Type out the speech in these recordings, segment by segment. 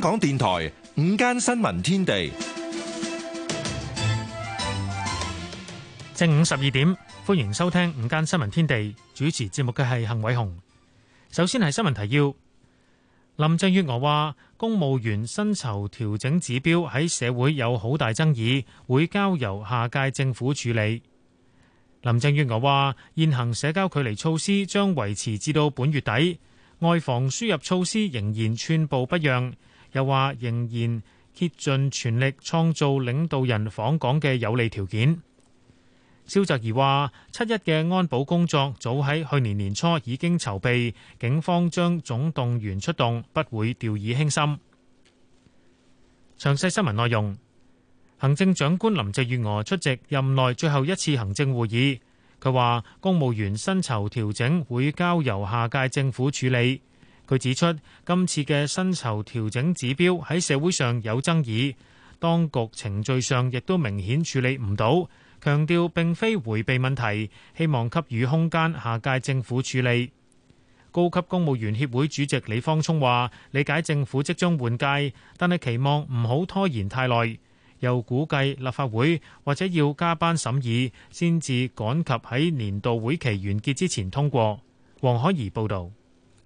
港電台午間新聞天地，正午十二點，歡迎收聽午間新聞天地。主持節目嘅係幸偉雄。首先係新聞提要。林鄭月娥話，公務員薪酬調整指標喺社會有好大爭議，會交由下屆政府處理。林鄭月娥話，現行社交距離措施將維持至到本月底，外防輸入措施仍然寸步不讓。又話仍然竭盡全力創造領導人訪港嘅有利條件。蕭澤頤話：七一嘅安保工作早喺去年年初已經籌備，警方將總動員出動，不會掉以輕心。詳細新聞內容，行政長官林鄭月娥出席任內最後一次行政會議，佢話公務員薪酬調整會交由下屆政府處理。佢指出，今次嘅薪酬調整指標喺社會上有爭議，當局程序上亦都明顯處理唔到，強調並非迴避問題，希望給予空間下屆政府處理。高級公務員協會主席李方聰話理解政府即將換屆，但係期望唔好拖延太耐，又估計立法會或者要加班審議先至趕及喺年度會期完結之前通過。黃海怡報道。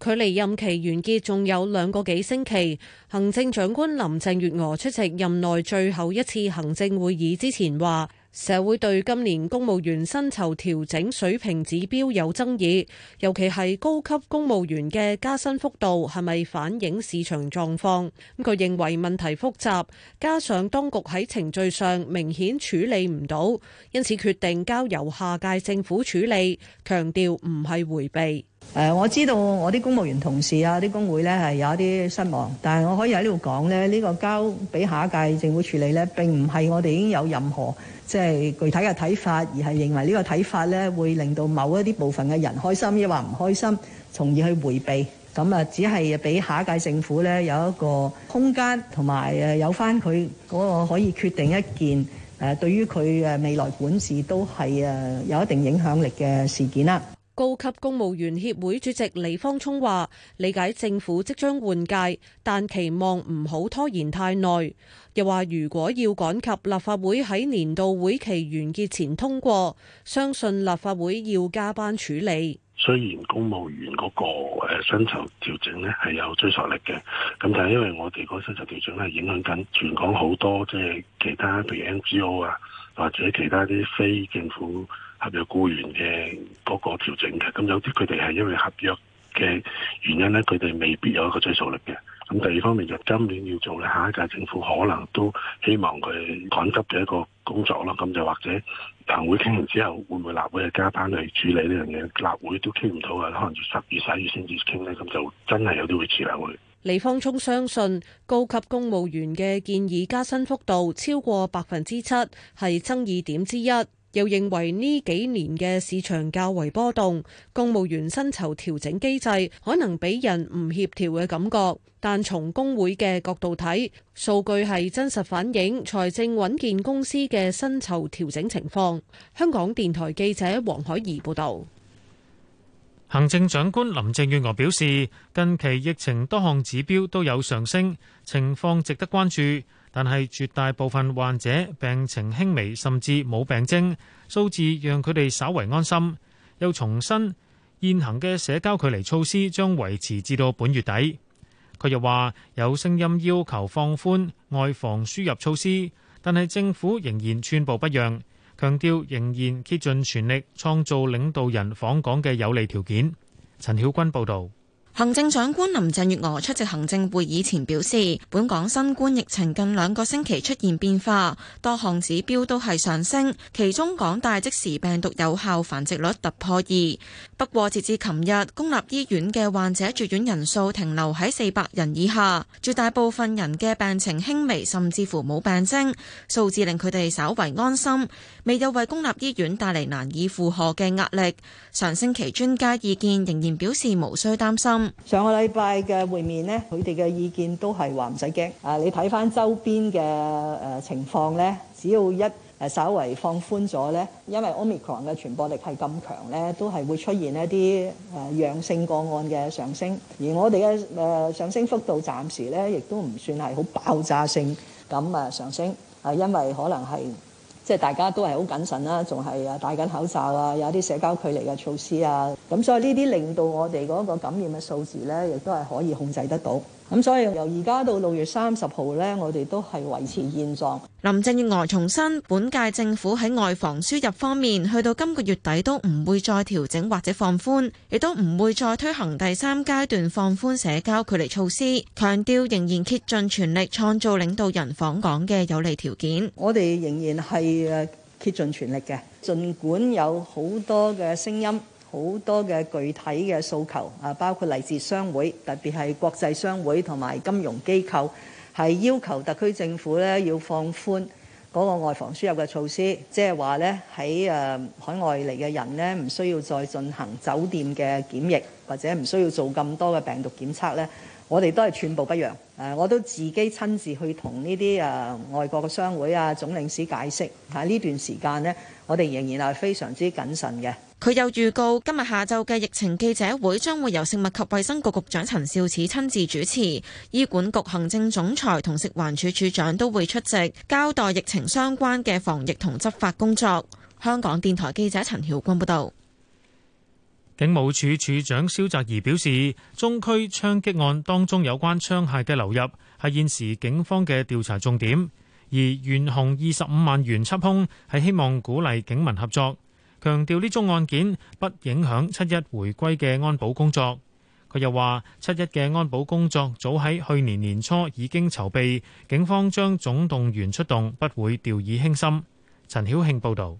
距離任期完結仲有兩個幾星期，行政長官林鄭月娥出席任內最後一次行政會議之前話：社會對今年公務員薪酬調整水平指標有爭議，尤其係高級公務員嘅加薪幅度係咪反映市場狀況？咁佢認為問題複雜，加上當局喺程序上明顯處理唔到，因此決定交由下屆政府處理，強調唔係迴避。誒、呃、我知道我啲公務員同事啊、啲工會呢係有一啲失望，但係我可以喺呢度講呢，呢、這個交俾下一屆政府處理呢，並唔係我哋已經有任何即係、就是、具體嘅睇法，而係認為呢個睇法呢會令到某一啲部分嘅人開心，抑或唔開心，從而去迴避。咁啊，只係俾下一屆政府呢有一個空間同埋誒有翻佢嗰個可以決定一件誒、呃、對於佢誒未來管治都係誒有一定影響力嘅事件啦。高級公務員協會主席李方聰話，理解政府即將換屆，但期望唔好拖延太耐。又話如果要趕及立法會喺年度會期完結前通過，相信立法會要加班處理。雖然公務員嗰個誒薪酬調整咧係有追索力嘅，咁但係因為我哋嗰個薪酬調整咧係影響緊全港好多即係其他譬如 NGO 啊，或者其他啲非政府。合約雇員嘅嗰個調整嘅，咁有啲佢哋係因為合約嘅原因咧，佢哋未必有一個追溯力嘅。咁第二方面就今年要做咧，下一屆政府可能都希望佢趕急嘅一個工作咯。咁就或者行會傾完之後，會唔會立會去加班去處理呢樣嘢？立會都傾唔到啊，可能要十月、十一月先至傾咧。咁就真係有啲會遲立會。李方聰相信，高級公務員嘅建議加薪幅度超過百分之七，係爭議點之一。又認為呢幾年嘅市場較為波動，公務員薪酬調整機制可能俾人唔協調嘅感覺。但從工會嘅角度睇，數據係真實反映財政穩健公司嘅薪酬調整情況。香港電台記者黃海怡報導。行政長官林鄭月娥表示，近期疫情多項指標都有上升，情況值得關注。但係絕大部分患者病情輕微，甚至冇病徵，數字讓佢哋稍為安心。又重申現行嘅社交距離措施將維持至到本月底。佢又話有聲音要求放寬外防輸入措施，但係政府仍然寸步不讓，強調仍然竭盡全力創造領導人訪港嘅有利條件。陳曉君報導。行政長官林鄭月娥出席行政會議前表示，本港新冠疫情近兩個星期出現變化，多項指標都係上升，其中港大即時病毒有效繁殖率突破二。不過，截至琴日，公立醫院嘅患者住院人數停留喺四百人以下，絕大部分人嘅病情輕微，甚至乎冇病徵，數字令佢哋稍為安心，未有為公立醫院帶嚟難以負荷嘅壓力。上星期專家意見仍然表示，無需擔心。上個禮拜嘅會面呢，佢哋嘅意見都係話唔使驚。啊，你睇翻周邊嘅誒情況呢，只要一誒稍微放寬咗呢，因為 Omicron 嘅傳播力係咁強呢，都係會出現一啲誒陽性個案嘅上升。而我哋嘅誒上升幅度暫時呢，亦都唔算係好爆炸性咁啊上升，係、啊、因為可能係。即係大家都係好謹慎啦，仲係啊戴緊口罩啊，有啲社交距離嘅措施啊，咁所以呢啲令到我哋嗰個感染嘅數字咧，亦都係可以控制得到。咁所以由而家到六月三十號咧，我哋都係維持現狀。林鄭月娥重申，本屆政府喺外防輸入方面，去到今個月底都唔會再調整或者放寬，亦都唔會再推行第三階段放寬社交距離措施，強調仍然竭盡全力創造領導人訪港嘅有利條件。我哋仍然係，誒竭盡全力嘅，盡管有好多嘅聲音。好多嘅具體嘅訴求啊，包括嚟自商會，特別係國際商會同埋金融機構，係要求特區政府咧要放寬嗰個外防輸入嘅措施，即係話咧喺誒海外嚟嘅人咧，唔需要再進行酒店嘅檢疫，或者唔需要做咁多嘅病毒檢測咧。我哋都係寸步不讓誒，我都自己親自去同呢啲誒外國嘅商會啊、總領事解釋吓呢段時間咧，我哋仍然係非常之謹慎嘅。佢又預告，今日下晝嘅疫情記者會將會由食物及衛生局局長陳肇始親自主持，醫管局行政總裁同食環署署長都會出席，交代疫情相關嘅防疫同執法工作。香港電台記者陳曉君報道。警務處處，處長蕭澤頤表示，中區槍擊案當中有關槍械嘅流入係現時警方嘅調查重點，而懸紅二十五萬元緝兇係希望鼓勵警民合作。強調呢宗案件不影響七一回歸嘅安保工作。佢又話：七一嘅安保工作早喺去年年初已經籌備，警方將總動員出動，不會掉以輕心。陳曉慶報導。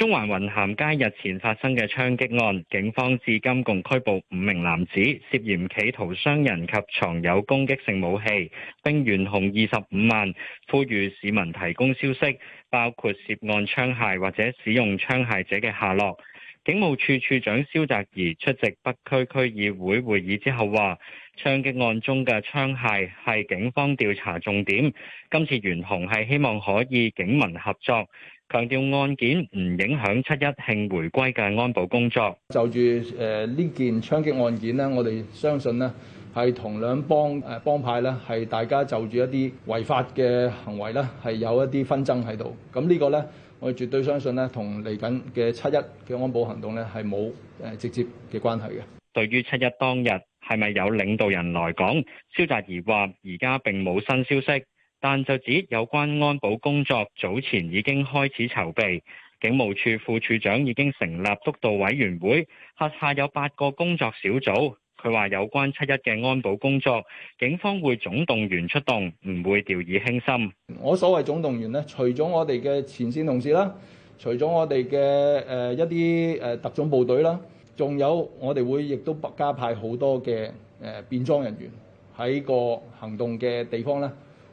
中環雲咸街日前發生嘅槍擊案，警方至今共拘捕五名男子，涉嫌企圖傷人及藏有攻擊性武器，並懸紅二十五萬，呼籲市民提供消息，包括涉案槍械或者使用槍械者嘅下落。警務處處長蕭澤頤出席北區區議會會議之後話：槍擊案中嘅槍械係警方調查重點，今次懸紅係希望可以警民合作。強調案件唔影響七一慶回歸嘅安保工作。就住誒呢件槍擊案件咧，我哋相信咧，係同兩幫誒幫派咧，係大家就住一啲違法嘅行為咧，係有一啲紛爭喺度。咁呢個呢，我絕對相信咧，同嚟緊嘅七一嘅安保行動咧，係冇誒直接嘅關係嘅。對於七一當日係咪有領導人來講，蕭澤頤話而家並冇新消息。但就指有關安保工作早前已經開始籌備，警務處副處長已經成立督導委員會，轄下有八個工作小組。佢話有關七一嘅安保工作，警方會總動員出動，唔會掉以輕心。我所謂總動員咧，除咗我哋嘅前線同事啦，除咗我哋嘅誒一啲誒特種部隊啦，仲有我哋會亦都不加派好多嘅誒變裝人員喺個行動嘅地方咧。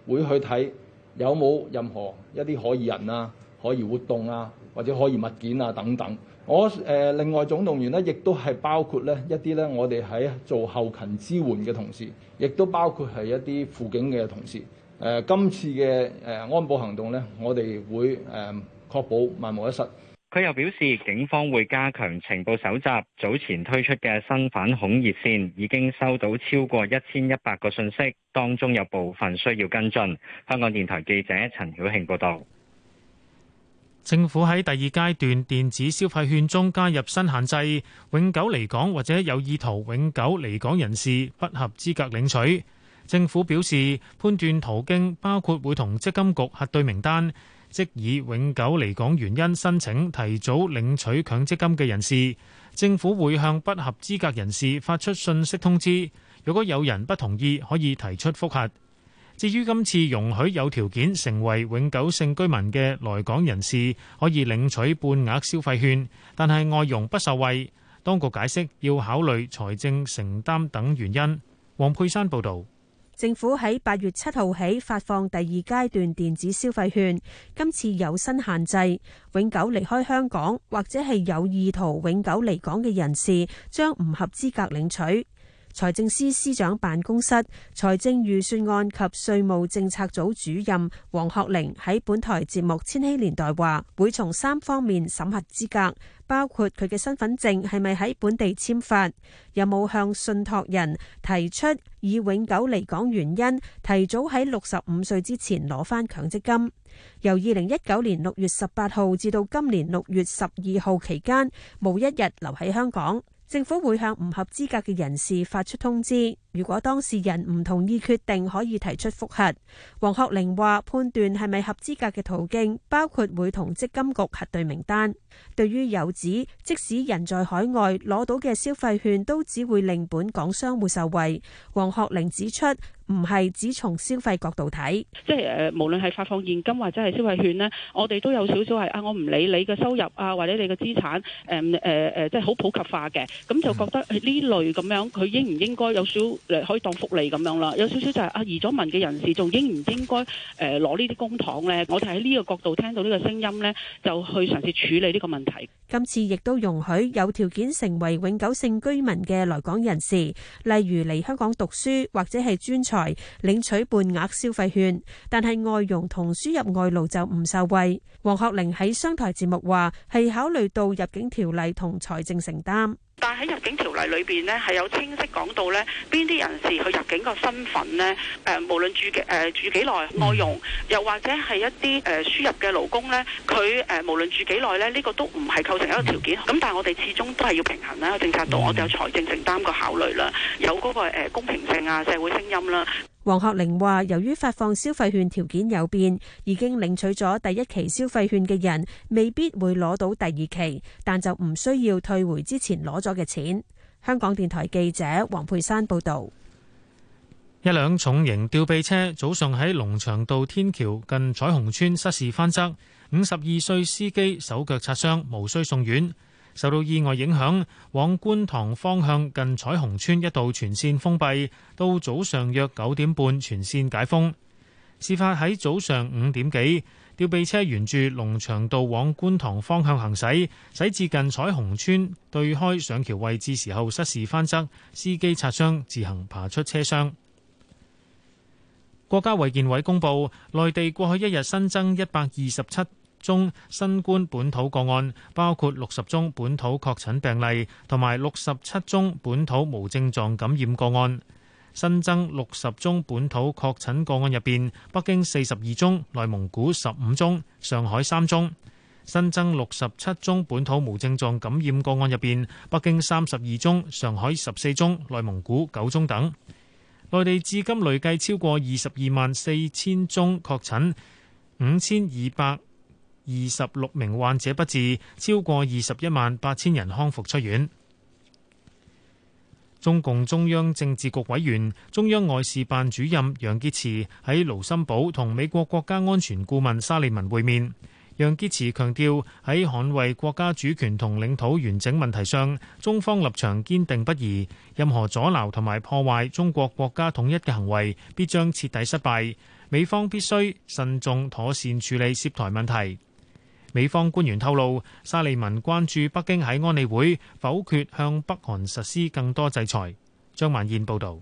會去睇有冇任何一啲可疑人啊、可疑活動啊，或者可疑物件啊等等。我誒、呃、另外總動員咧，亦都係包括咧一啲咧，我哋喺做後勤支援嘅同事，亦都包括係一啲輔警嘅同事。誒、呃、今次嘅誒、呃、安保行動咧，我哋會誒、呃、確保萬無一失。佢又表示，警方會加強情報搜集。早前推出嘅新反恐熱線已經收到超過一千一百個信息，當中有部分需要跟進。香港電台記者陳曉慶報道。政府喺第二階段電子消費券中加入新限制，永久離港或者有意圖永久離港人士不合資格領取。政府表示，判斷途徑包括會同積金局核對名單。即以永久離港原因申請提早領取強積金嘅人士，政府會向不合資格人士發出信息通知。如果有人不同意，可以提出複核。至於今次容許有條件成為永久性居民嘅來港人士，可以領取半額消費券，但係外傭不受惠。當局解釋要考慮財政承擔等原因。黃佩珊報道。政府喺八月七號起發放第二階段電子消費券，今次有新限制，永久離開香港，或者係有意圖永久離港嘅人士將唔合資格領取。財政司司長辦公室財政預算案及稅務政策組主任黃學玲喺本台節目《千禧年代》話，會從三方面審核資格，包括佢嘅身份證係咪喺本地簽發，有冇向信託人提出以永久離港原因提早喺六十五歲之前攞返強積金，由二零一九年六月十八號至到今年六月十二號期間冇一日留喺香港。政府會向唔合資格嘅人士發出通知。如果當事人唔同意決定，可以提出覆核。王學玲話判斷係咪合資格嘅途徑，包括會同積金局核對名單。對於有指即使人在海外攞到嘅消費券，都只會令本港商戶受惠。王學玲指出，唔係只從消費角度睇，即係誒，無論係發放現金或者係消費券呢，我哋都有少少係啊，我唔理你嘅收入啊或者你嘅資產，誒誒誒，即係好普及化嘅，咁就覺得呢類咁樣，佢應唔應該有少，誒可以當福利咁樣啦，有少少就係啊，移咗民嘅人士仲應唔應該誒攞呢啲公帑咧？我哋喺呢個角度聽到呢個聲音咧，就去嘗試處理呢個問題。今次亦都容許有條件成為永久性居民嘅來港人士，例如嚟香港讀書或者係專才領取半額消費券，但係外傭同輸入外勞就唔受惠。黃學玲喺商台節目話：係考慮到入境條例同財政承擔。但係喺入境條例裏邊呢，係有清晰講到呢邊啲人士去入境個身份呢，誒、呃，無論住嘅誒、呃、住幾耐，內容又或者係一啲誒輸入嘅勞工呢，佢誒、呃、無論住幾耐呢，呢、這個都唔係構成一個條件。咁但係我哋始終都係要平衡咧，政策度、嗯、我哋有財政承擔個考慮啦，有嗰個誒公平性啊，社會聲音啦。黃學玲話：由於發放消費券條件有變，已經領取咗第一期消費券嘅人未必會攞到第二期，但就唔需要退回之前攞咗嘅錢。香港電台記者黃佩珊報道：一輛重型吊臂車早上喺龍翔道天橋近彩虹村失事翻側，五十二歲司機手腳擦傷，無需送院。受到意外影響，往觀塘方向近彩虹邨一度全綫封閉，到早上約九點半全綫解封。事發喺早上五點幾，吊臂車沿住龍翔道往觀塘方向行駛，駛至近彩虹邨對開上橋位置時候失事翻側，司機擦傷自行爬出車廂。國家衛健委公布，內地過去一日新增一百二十七，中新冠本土個案，包括六十宗本土確診病例，同埋六十七宗本土無症狀感染個案。新增六十宗本土確診個案入邊，北京四十二宗，內蒙古十五宗，上海三宗。新增六十七宗本土無症狀感染個案入邊，北京三十二宗，上海十四宗，內蒙古九宗等。內地至今累計超過二十二萬四千宗確診，五千二百。二十六名患者不治，超過二十一萬八千人康復出院。中共中央政治局委員、中央外事辦主任楊潔篪喺盧森堡同美國國家安全顧問沙利文會面。楊潔篪強調，喺捍衛國家主權同領土完整問題上，中方立場堅定不移，任何阻撓同埋破壞中國國家統一嘅行為，必將徹底失敗。美方必須慎重妥善處理涉台問題。美方官員透露，沙利文關注北京喺安理會否決向北韓實施更多制裁。張萬燕報導。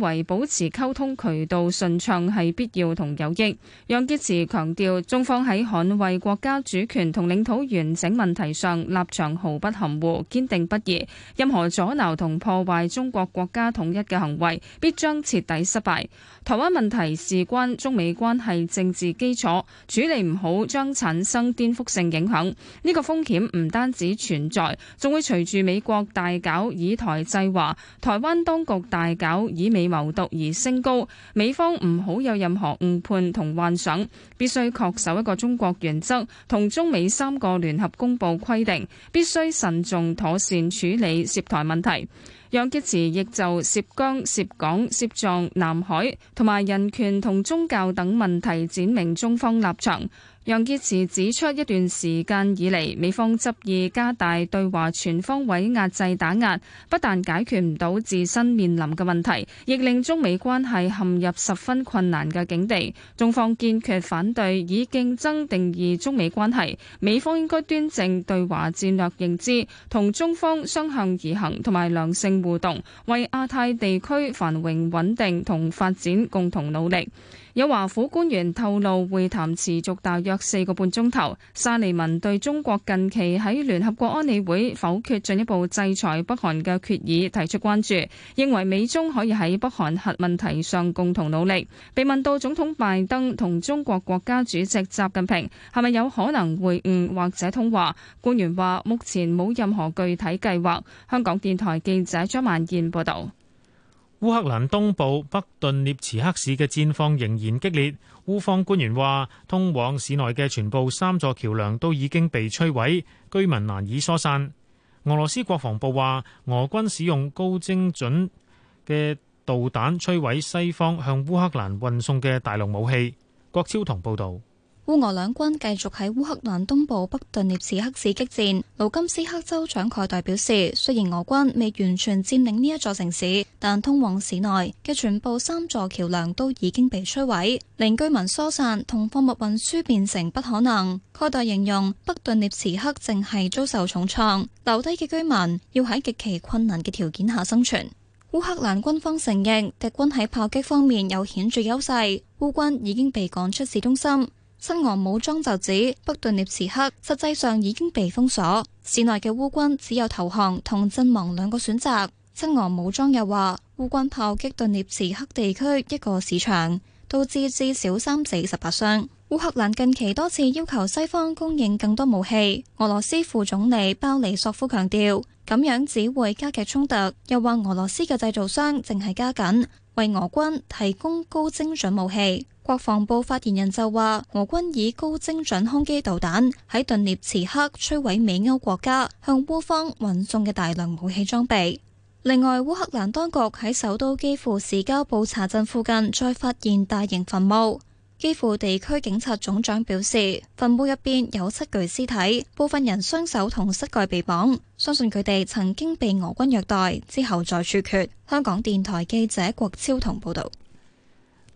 為保持溝通渠道順暢係必要同有益。楊潔篪強調，中方喺捍衛國家主權同領土完整問題上立場毫不含糊、堅定不移。任何阻撓同破壞中國國家統一嘅行為，必將徹底失敗。台灣問題事關中美關係政治基礎，處理唔好將產生顛覆性影響。呢個風險唔單止存在，仲會隨住美國大搞以台制華，台灣當局大搞以美。謀獨而升高，美方唔好有任何誤判同幻想，必須恪守一個中國原則，同中美三個聯合公報規定，必須慎重妥善處理涉台問題。楊潔篪亦就涉疆、涉港、涉藏、南海同埋人權同宗教等問題，闡明中方立場。楊潔篪指出，一段時間以嚟，美方執意加大對華全方位壓制打壓，不但解決唔到自身面臨嘅問題，亦令中美關係陷入十分困難嘅境地。中方堅決反對以競爭定義中美關係，美方應該端正對華戰略認知，同中方雙向而行，同埋良性互動，為亞太地區繁榮穩定同發展共同努力。有華府官員透露，會談持續大約四個半鐘頭。沙利文對中國近期喺聯合國安理會否決進一步制裁北韓嘅決議提出關注，認為美中可以喺北韓核問題上共同努力。被問到總統拜登同中國國家主席習近平係咪有可能會晤或者通話，官員話目前冇任何具體計劃。香港電台記者張曼燕報導。烏克蘭東部北頓涅茨克市嘅戰況仍然激烈，烏方官員話，通往市內嘅全部三座橋樑都已經被摧毀，居民難以疏散。俄羅斯國防部話，俄軍使用高精準嘅導彈摧毀西方向烏克蘭運送嘅大量武器。郭超同報道。烏俄兩軍繼續喺烏克蘭東部北頓涅茨克市激戰。盧甘斯克州長蓋代表示，雖然俄軍未完全佔領呢一座城市，但通往市內嘅全部三座橋樑都已經被摧毀，令居民疏散同貨物運輸變成不可能。蓋代形容北頓涅茨克正係遭受重創，留低嘅居民要喺極其困難嘅條件下生存。烏克蘭軍方承認敵軍喺炮擊方面有顯著優勢，烏軍已經被趕出市中心。親俄武裝就指北頓涅茨克實際上已經被封鎖，市內嘅烏軍只有投降同陣亡兩個選擇。親俄武裝又話烏軍炮擊頓涅茨克地區一個市場，導致至少三四十八傷。烏克蘭近期多次要求西方供應更多武器，俄羅斯副總理鮑里索夫強調，咁樣只會加劇衝突，又話俄羅斯嘅製造商淨係加緊。為俄軍提供高精準武器，國防部發言人就話，俄軍以高精準空基導彈喺頓涅茨克摧毀美歐國家向烏方運送嘅大量武器裝備。另外，烏克蘭當局喺首都基輔市郊布查鎮附近再發現大型墳墓。基輔地區警察總長表示，墳墓入邊有七具屍體，部分人雙手同膝蓋被綁，相信佢哋曾經被俄軍虐待之後再處決。香港電台記者郭超同報道。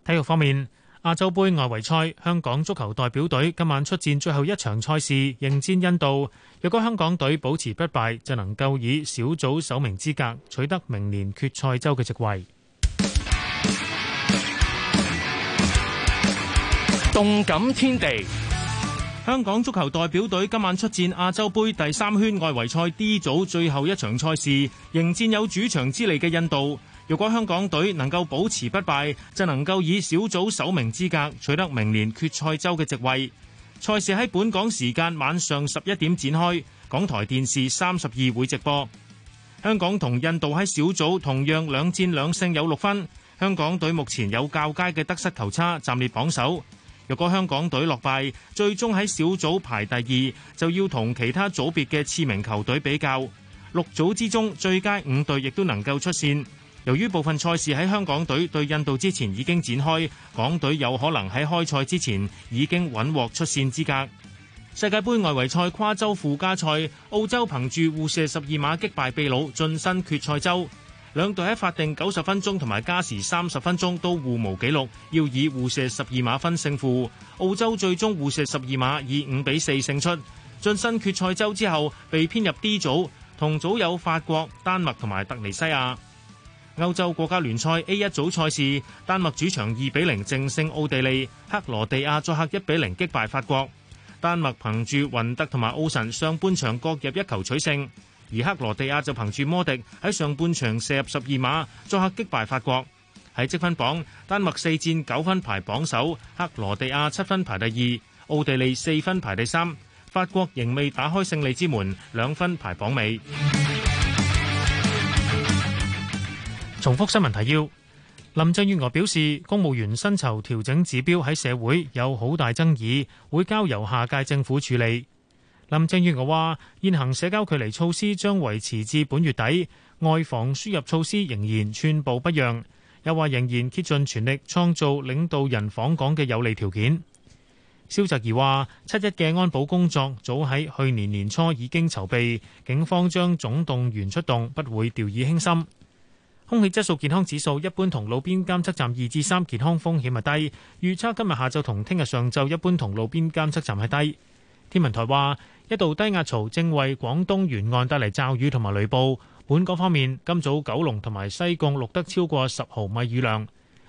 體育方面，亞洲盃外圍賽，香港足球代表隊今晚出戰最後一場賽事，迎戰印度。若果香港隊保持不敗，就能夠以小組首名資格取得明年決賽周嘅席位。動感天地，香港足球代表隊今晚出戰亞洲盃第三圈外圍賽 D 組最後一場賽事，迎戰有主場之利嘅印度。如果香港隊能夠保持不敗，就能夠以小組首名資格取得明年決賽周嘅席位。賽事喺本港時間晚上十一點展開，港台電視三十二會直播。香港同印度喺小組同樣兩戰兩勝，有六分。香港隊目前有較佳嘅得失球差，暫列榜首。若果香港隊落敗，最終喺小組排第二，就要同其他組別嘅次名球隊比較。六組之中最佳五隊亦都能夠出線。由於部分賽事喺香港隊對印度之前已經展開，港隊有可能喺開賽之前已經穩獲出線資格。世界杯外圍賽跨洲附加賽，澳洲憑住互射十二碼擊敗秘魯，晉身決賽周。兩隊喺法定九十分鐘同埋加時三十分鐘都互無紀錄，要以互射十二碼分勝負。澳洲最終互射十二碼以五比四勝出，晉身決賽周之後被編入 D 組，同組有法國、丹麥同埋特尼西亞。歐洲國家聯賽 A 一組賽事，丹麥主場二比零正勝奧地利，克羅地亞作客一比零擊敗法國。丹麥憑住雲特同埋奧神上半場各入一球取勝。而克羅地亞就憑住摩迪喺上半場射入十二碼，作客擊敗法國。喺積分榜，丹麥四戰九分排榜首，克羅地亞七分排第二，奧地利四分排第三，法國仍未打開勝利之門，兩分排榜尾。重複新聞提要：林鄭月娥表示，公務員薪酬調整指標喺社會有好大爭議，會交由下屆政府處理。林鄭月娥話：現行社交距離措施將維持至本月底，外防輸入措施仍然寸步不讓。又話仍然竭盡全力創造領導人訪港嘅有利條件。蕭澤頤話：七一嘅安保工作早喺去年年初已經籌備，警方將總動員出動，不會掉以輕心。空氣質素健康指數一般同路邊監測站二至三，健康風險係低。預測今日下晝同聽日上晝一般同路邊監測站係低。天文台話，一道低壓槽正為廣東沿岸帶嚟驟雨同埋雷暴。本港方面，今早九龍同埋西貢錄得超過十毫米雨量。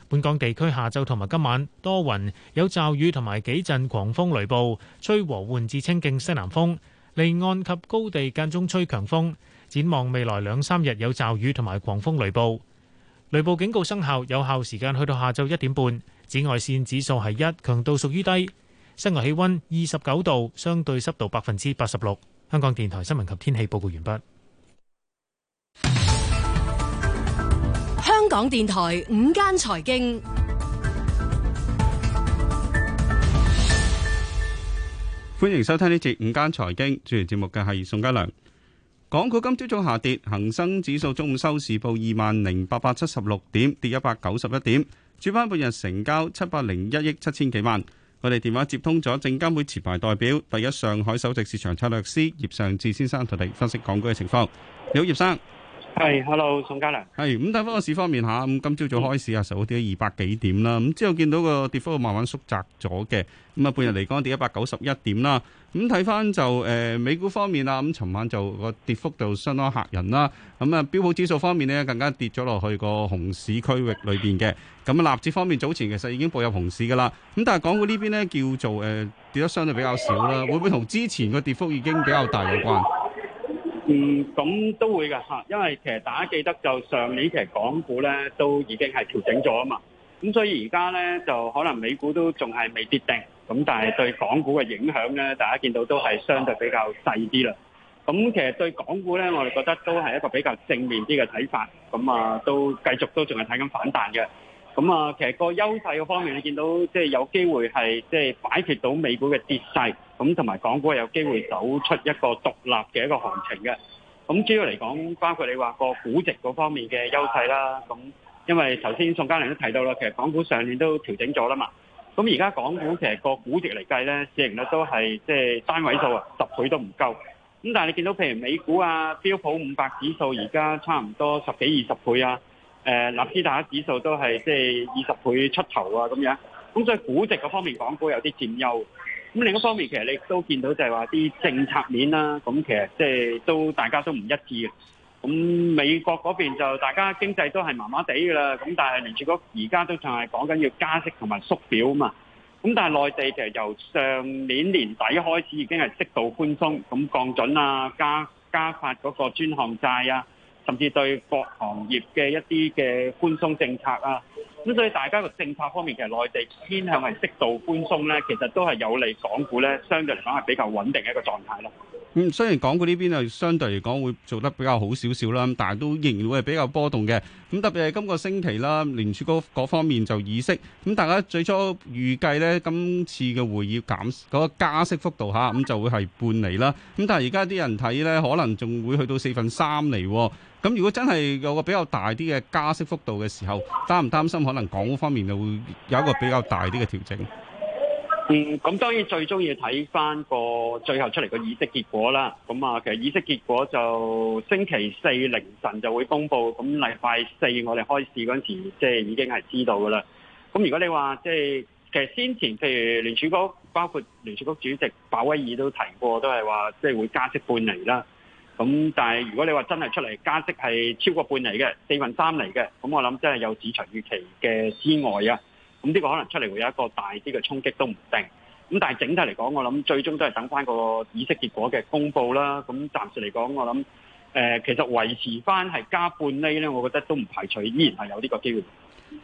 本港地區下晝同埋今晚多雲，有驟雨同埋幾陣狂風雷暴，吹和緩至清勁西南風，離岸及高地間中吹強風。展望未來兩三日有驟雨同埋狂風雷暴，雷暴警告生效有效時間去到下晝一點半。紫外線指數係一，強度屬於低。室外氣溫二十九度，相對濕度百分之八十六。香港電台新聞及天氣報告完畢。香港電台午間財經，歡迎收聽呢節午間財經，主持節目嘅係宋佳良。港股今朝早下跌，恒生指數中午收市報二萬零八百七十六點，跌一百九十一點。主板半日成交七百零一億七千幾萬。我哋電話接通咗證監會持牌代表，第一上海首席市場策略師葉尚志先生，同你分析港股嘅情況。你好，葉生，係，Hello，宋嘉良，係。咁睇返個市方面吓，咁今朝早開市啊，收跌咗二百幾點啦。咁之後見到個跌幅慢慢縮窄咗嘅，咁啊，半日嚟講跌一百九十一點啦。咁睇翻就誒、呃、美股方面啦，咁、嗯、尋晚就個跌幅就相當嚇人啦。咁、嗯、啊，標普指數方面呢，更加跌咗落去個熊市區域裏邊嘅。咁、嗯、啊，納指方面早前其實已經步入熊市噶啦。咁、嗯、但係港股呢邊呢，叫做誒、呃、跌得相對比較少啦。會唔會同之前個跌幅已經比較大有關？嗯，咁都會嘅嚇，因為其實大家記得就上年其實港股咧都已經係調整咗啊嘛。咁所以而家咧就可能美股都仲係未跌定。咁但係對港股嘅影響咧，大家見到都係相對比較細啲啦。咁、嗯、其實對港股咧，我哋覺得都係一個比較正面啲嘅睇法。咁、嗯、啊，都繼續都仲係睇緊反彈嘅。咁、嗯、啊，其實個優勢嗰方面，你見到即係有機會係即係擺脱到美股嘅跌勢，咁同埋港股係有機會走出一個獨立嘅一個行情嘅。咁、嗯、主要嚟講，包括你話個估值嗰方面嘅優勢啦。咁、嗯、因為頭先宋嘉玲都提到啦，其實港股上年都調整咗啦嘛。咁而家港股其實個估值嚟計咧，市盈率都係即係單位數啊，十倍都唔夠。咁但係你見到譬如美股啊，標普五百指數而家差唔多十幾二十倍啊，誒、呃、納斯達克指數都係即係二十倍出頭啊咁樣。咁所以估值嗰方面，港股有啲佔優。咁另一方面，其實你都見到就係話啲政策面啦、啊，咁其實即係都大家都唔一致嘅。咁美國嗰邊就大家經濟都係麻麻地㗎啦，咁但係聯儲局而家都仲係講緊要加息同埋縮表啊嘛，咁但係內地其實由上年年底開始已經係適度寬鬆，咁降準啊，加加發嗰個專項債啊，甚至對各行業嘅一啲嘅寬鬆政策啊。咁所以大家個政策方面其實內地偏向係適度寬鬆咧，其實都係有利港股咧，相對嚟講係比較穩定嘅一個狀態咯。嗯，雖然港股呢邊係相對嚟講會做得比較好少少啦，咁但係都仍然會係比較波動嘅。咁特別係今個星期啦，聯儲局嗰方面就議息咁，大家最初預計咧，今次嘅會議減嗰個加息幅度吓，咁就會係半釐啦。咁但係而家啲人睇咧，可能仲會去到四分三釐。咁如果真係有個比較大啲嘅加息幅度嘅時候，擔唔擔心可能港股方面就會有一個比較大啲嘅調整？嗯，咁當然最重要睇返個最後出嚟個議息結果啦。咁啊，其實議息結果就星期四凌晨就會公布，咁禮拜四我哋開市嗰陣時即係已經係知道㗎啦。咁如果你話即係其實先前譬如聯儲局包括聯儲局主席鮑威爾都提過，都係話即係會加息半釐啦。咁、嗯、但係如果你話真係出嚟加息係超過半厘嘅四分三厘嘅，咁、嗯、我諗真係有市場預期嘅之外啊，咁、嗯、呢、這個可能出嚟會有一個大啲嘅衝擊都唔定。咁、嗯、但係整體嚟講，我諗最終都係等翻個議息結果嘅公布啦。咁、嗯、暫時嚟講，我諗誒、呃、其實維持翻係加半厘咧，我覺得都唔排除依然係有呢個機會。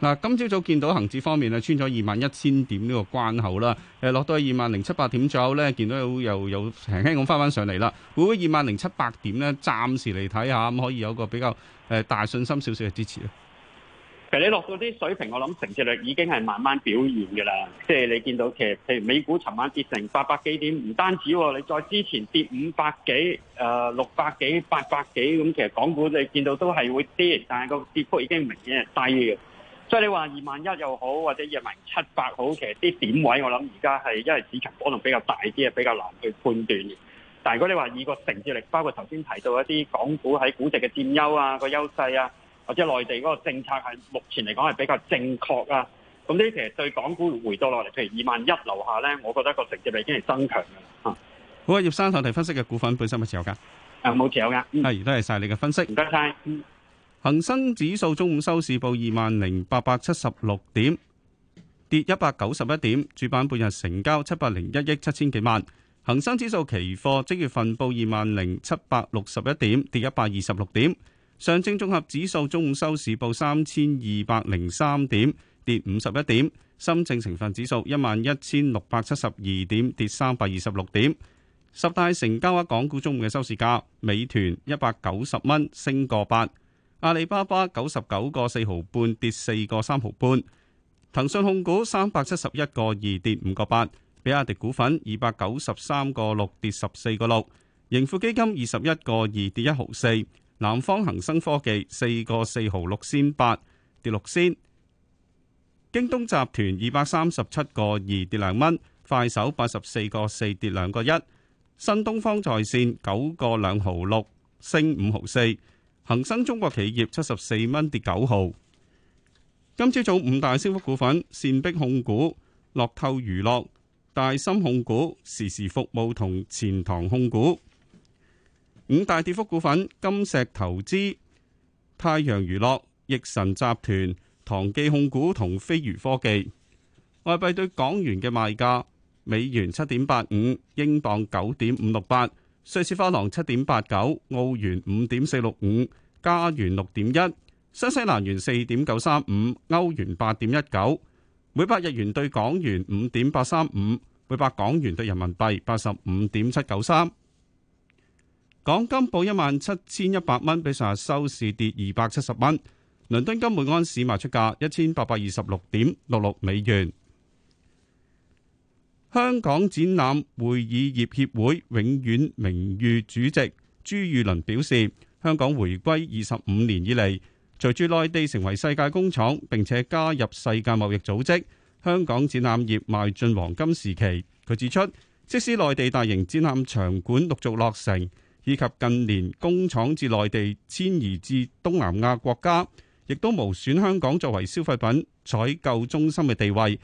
嗱、啊，今朝早見到恒指方面啊，穿咗二萬一千點呢個關口啦，誒、啊、落到去二萬零七百點左右咧，見到又有輕輕咁翻翻上嚟啦，會唔會二萬零七百點咧？暫時嚟睇下，咁、啊、可以有個比較誒、呃、大信心少少嘅支持咧、啊。其實你落到啲水平，我諗成績率已經係慢慢表現㗎啦。即係你見到其實，譬如美股尋晚跌成八百幾點，唔單止、哦，你再之前跌五百幾、誒六百幾、八百幾咁，其實港股你見到都係會跌，但係個跌幅已經明顯係低嘅。所以你話二萬一又好，或者二萬七百好，其實啲點位我諗而家係因為市場波動比較大啲，係比較難去判斷。但係如果你話以個承接力，包括頭先提到一啲港股喺估值嘅佔優啊、個優勢啊，或者內地嗰個政策係目前嚟講係比較正確啊，咁呢啲其實對港股回落落嚟，譬如二萬一樓下咧，我覺得個承接力已經係增強㗎喇。嚇、啊！好啊，葉生，頭提分析嘅股份本身有持有噶？啊，冇持有嘅。係、嗯，都係晒你嘅分析。唔該晒。恒生指數中午收市報二萬零八百七十六點，跌一百九十一點。主板半日成交七百零一億七千幾萬。恒生指數期貨即月份報二萬零七百六十一點，跌一百二十六點。上證綜合指數中午收市報三千二百零三點，跌五十一點。深證成分指數一萬一千六百七十二點，跌三百二十六點。十大成交額港股中午嘅收市價，美團一百九十蚊，升過八。阿里巴巴九十九個四毫半跌四個三毫半，騰訊控股三百七十一個二跌五個八，比亞迪股份二百九十三個六跌十四個六，盈富基金二十一個二跌一毫四，南方恒生科技四個四毫六先八跌六先，京東集團二百三十七個二跌兩蚊，快手八十四個四跌兩個一，新東方在綫九個兩毫六升五毫四。恒生中國企業七十四蚊跌九毫。今朝早五大升幅股份：善壁控股、樂透娛樂、大森控股、時時服務同錢塘控股。五大跌幅股份：金石投資、太陽娛樂、逸神集團、唐記控股同飛魚科技。外幣對港元嘅賣價：美元七點八五，英鎊九點五六八。瑞士法郎七點八九，澳元五點四六五，加元六點一，新西蘭元四點九三五，歐元八點一九，每百日元兌港元五點八三五，每百港元兌人民幣八十五點七九三。港金報一萬七千一百蚊，比上日收市跌二百七十蚊。倫敦金每安士賣出價一千八百二十六點六六美元。香港展覽會議業協會永遠名譽主席朱裕倫表示：香港回歸二十五年以嚟，隨住內地成為世界工廠，並且加入世界貿易組織，香港展覽業邁進黃金時期。佢指出，即使內地大型展覽場館陸續落成，以及近年工廠自內地遷移至東南亞國家，亦都無損香港作為消費品採購中心嘅地位。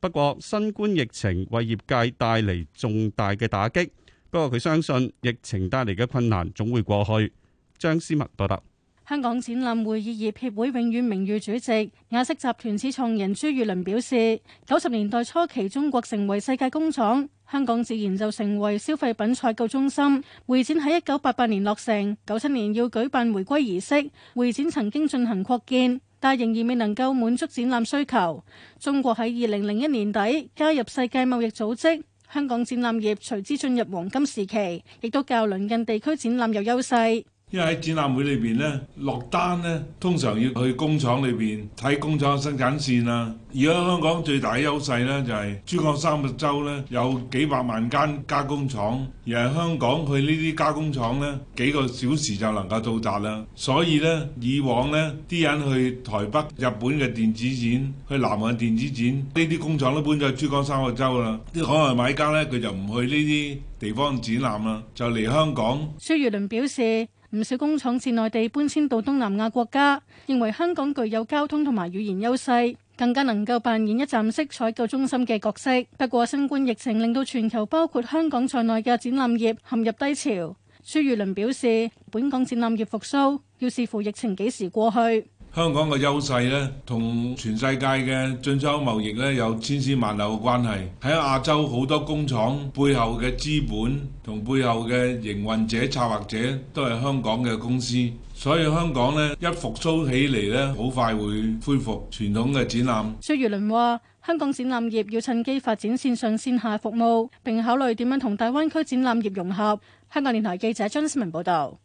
不過，新冠疫情為業界帶嚟重大嘅打擊。不過，佢相信疫情帶嚟嘅困難總會過去。張思密報道。多香港展覽會議業協會永遠名譽主席雅式集團始創人朱裕倫表示：九十年代初期，中國成為世界工廠，香港自然就成為消費品採購中心。會展喺一九八八年落成，九七年要舉辦回歸儀式，會展曾經進行擴建。但仍然未能夠滿足展覽需求。中國喺二零零一年底加入世界貿易組織，香港展覽業隨之進入黃金時期，亦都較鄰近，近地區展覽有優勢。因為喺展覽會裏邊咧落單咧，通常要去工廠裏邊睇工廠生產線啦、啊。而家香港最大嘅優勢咧就係、是、珠江三角洲咧有幾百萬間加工廠，而係香港去呢啲加工廠咧幾個小時就能夠到達啦。所以咧以往咧啲人去台北、日本嘅電子展、去南韓電子展，呢啲工廠都搬咗去珠江三角洲啦。啲海外買家咧佢就唔去呢啲地方展覽啦，就嚟香港。薛月麟表示。唔少工廠自內地搬遷到東南亞國家，認為香港具有交通同埋語言優勢，更加能夠扮演一站式採購中心嘅角色。不過，新冠疫情令到全球包括香港在內嘅展覽業陷入低潮。朱裕倫表示，本港展覽業復甦要視乎疫情幾時過去。香港嘅優勢咧，同全世界嘅進出口貿易咧有千絲萬縷嘅關係。喺亞洲好多工廠背後嘅資本同背後嘅營運者策劃者都係香港嘅公司，所以香港呢，一復甦起嚟咧，好快會恢復傳統嘅展覽。朱裕倫話：香港展覽業要趁機發展線上線下服務，並考慮點樣同大灣區展覽業融合。香港電台記者張思文報道。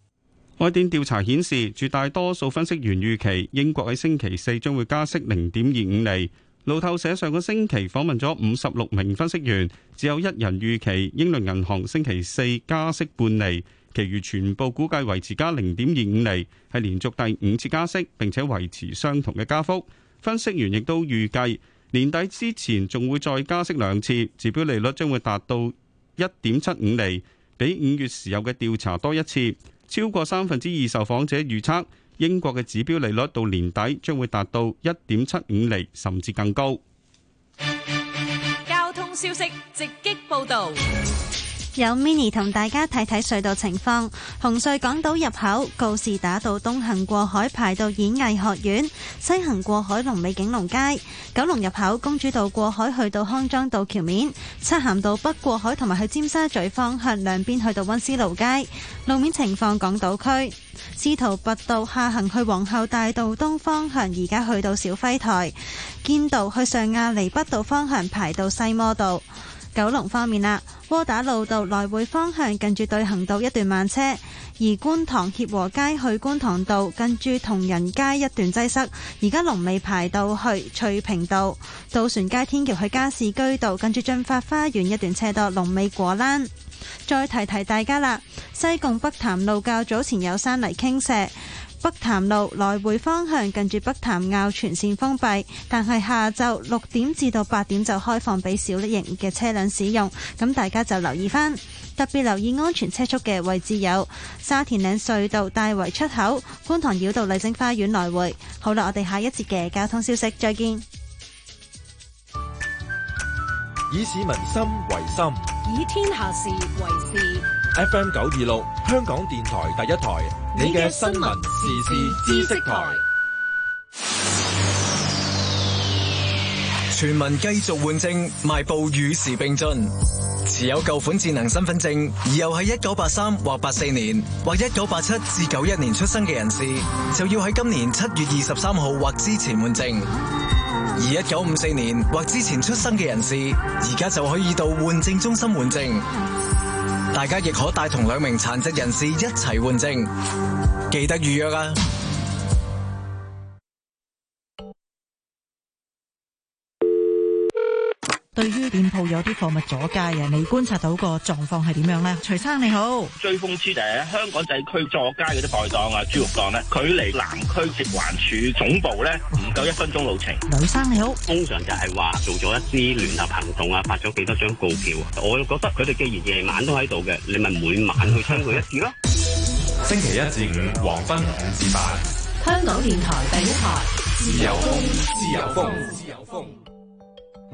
外電調查顯示，絕大多數分析員預期英國喺星期四將會加息零點二五厘。路透社上個星期訪問咗五十六名分析員，只有一人預期英倫銀行星期四加息半厘，其餘全部估計維持加零點二五厘，係連續第五次加息，並且維持相同嘅加幅。分析員亦都預計年底之前仲會再加息兩次，指標利率將會達到一點七五厘，比五月時有嘅調查多一次。超過三分之二受訪者預測，英國嘅指標利率到年底將會達到一點七五厘，甚至更高。交通消息，直擊報道。有 Mini 同大家睇睇隧道情況，紅隧港島入口告士打道東行過海排到演藝學院，西行過海龍尾景隆街；九龍入口公主道過海去到康莊道橋面，漆咸道北過海同埋去尖沙咀方向兩邊去到溫思勞街。路面情況港島區，司徒拔道下行去皇后大道東方向，而家去到小輝台；堅道去上亞厘畢道方向排到西摩道。九龍方面啦，窩打老道來回方向近住對行道一段慢車，而觀塘協和街去觀塘道近住同仁街一段擠塞，而家龍尾排到去翠屏道，渡船街天橋去加士居道近住駿發花園一段車多，龍尾果欄。再提提大家啦，西貢北潭路較早前有山泥傾瀉。北潭路來回方向近住北潭坳全線封閉，但係下晝六點至到八點就開放俾小型嘅車輛使用，咁大家就留意翻，特別留意安全車速嘅位置有沙田嶺隧道大圍出口、觀塘繞道麗晶花園來回。好啦，我哋下一節嘅交通消息再見。以市民心為心，以天下事為事。FM 九二六，香港電台第一台。你嘅新聞時事知識台，全民繼續換證，邁步與時並進。持有舊款智能身份證，而又喺一九八三或八四年或一九八七至九一年出生嘅人士，就要喺今年七月二十三號或之前換證。而一九五四年或之前出生嘅人士，而家就可以到換證中心換證。大家亦可帶同兩名殘疾人士一齊換證，記得預約啊！對於店鋪有啲貨物阻街啊，你觀察到個狀況係點樣咧？徐生你好，追風痴嘅香港仔區坐街嗰啲袋檔啊、豬肉檔咧，距離南區直環處總部咧唔夠一分鐘路程。 女生你好，通常就係話做咗一啲聯合行動啊，發咗幾多張告票。嗯、我覺得佢哋既然夜晚都喺度嘅，你咪每晚去親佢一次咯。星期一至五黃昏五至八，香港電台第一台，自由風，自由風，自由風。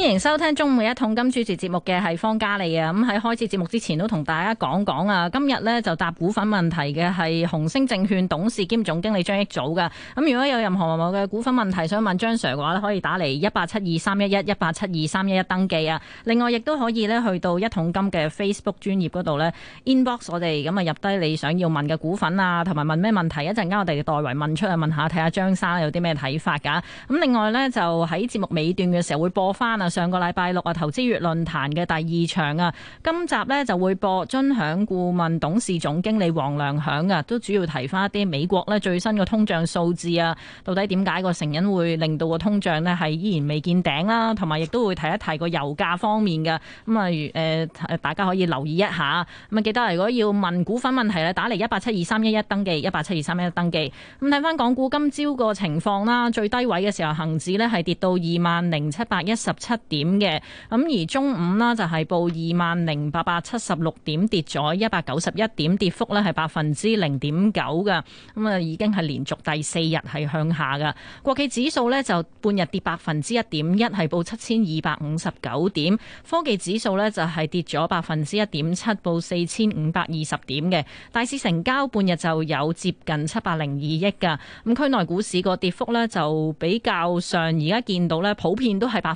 歡迎收聽中午一桶金，主持節目嘅係方嘉莉啊！咁、嗯、喺開始節目之前都同大家講講啊，今日咧就答股份問題嘅係紅星證券董事兼總經理張益祖噶。咁、嗯、如果有任何嘅股份問題想問張 Sir 嘅話咧，可以打嚟，一八七二三一一一八七二三一一登記啊。另外亦都可以咧去到一桶金嘅 Facebook 專頁嗰度咧 inbox 我哋，咁、嗯、啊入低你想要問嘅股份啊，同埋問咩問題，一陣間我哋代為問出嚟，問下睇下張生有啲咩睇法噶。咁、嗯、另外呢就喺節目尾段嘅時候會播翻啊。上個禮拜六啊，投資月論壇嘅第二場啊，今集咧就會播尊享顧問董事總經理黃亮響啊，都主要提翻一啲美國咧最新嘅通脹數字啊，到底點解個成因會令到個通脹咧係依然未見頂啦，啊，同埋亦都會提一提個油價方面嘅，咁啊誒，大家可以留意一下。咁啊，記得如果要問股份問題咧，打嚟一八七二三一一登記，一八七二三一一登記。咁睇翻港股今朝個情況啦，最低位嘅時候，恒指咧係跌到二萬零七百一十七。點嘅。咁而中午啦，就係報二萬零八百七十六點，跌咗一百九十一點，跌幅呢係百分之零點九噶。咁啊，已經係連續第四日係向下噶。國企指數呢，就半日跌百分之一點一，係報七千二百五十九點。科技指數呢，就係跌咗百分之一點七，報四千五百二十點嘅。大市成交半日就有接近七百零二億噶。咁區內股市個跌幅呢，就比較上，而家見到呢，普遍都係百。